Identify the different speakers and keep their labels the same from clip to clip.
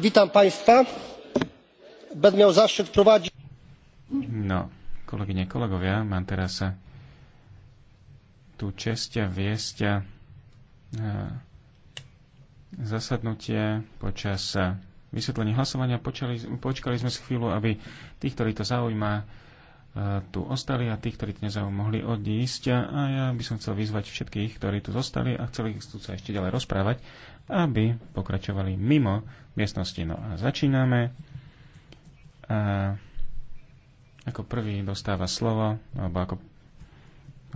Speaker 1: witam państwa będę miał zaszczyt prowadzić
Speaker 2: no kolegyne kolegovia mám teraz e, tú čest viesť e, zasadnutie počas e, vysvetlenia hlasovania. Počali, počkali sme si chvíľu, aby tých, ktorí to zaujíma, tu ostali a tí, ktorí dnes mohli odísť. A ja by som chcel vyzvať všetkých, ktorí tu zostali a chceli tu sa ešte ďalej rozprávať, aby pokračovali mimo miestnosti. No a začíname. A ako prvý dostáva slovo, alebo ako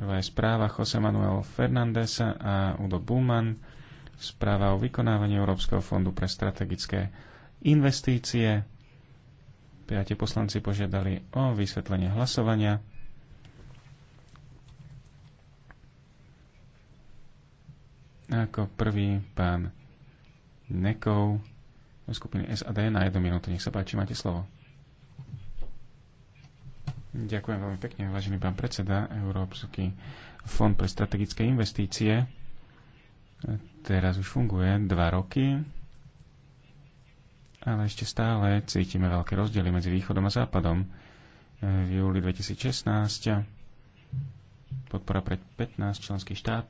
Speaker 2: prvá je správa Jose Manuel Fernandesa a Udo Buman, správa o vykonávaní Európskeho fondu pre strategické investície. Piati poslanci požiadali o vysvetlenie hlasovania. Ako prvý pán Nekov zo skupiny SAD na jednu minútu. Nech sa páči, máte slovo. Ďakujem veľmi pekne, vážený pán predseda. Európsky fond pre strategické investície teraz už funguje dva roky ale ešte stále cítime veľké rozdiely medzi východom a západom. E, v júli 2016 podpora pre 15 členských štátov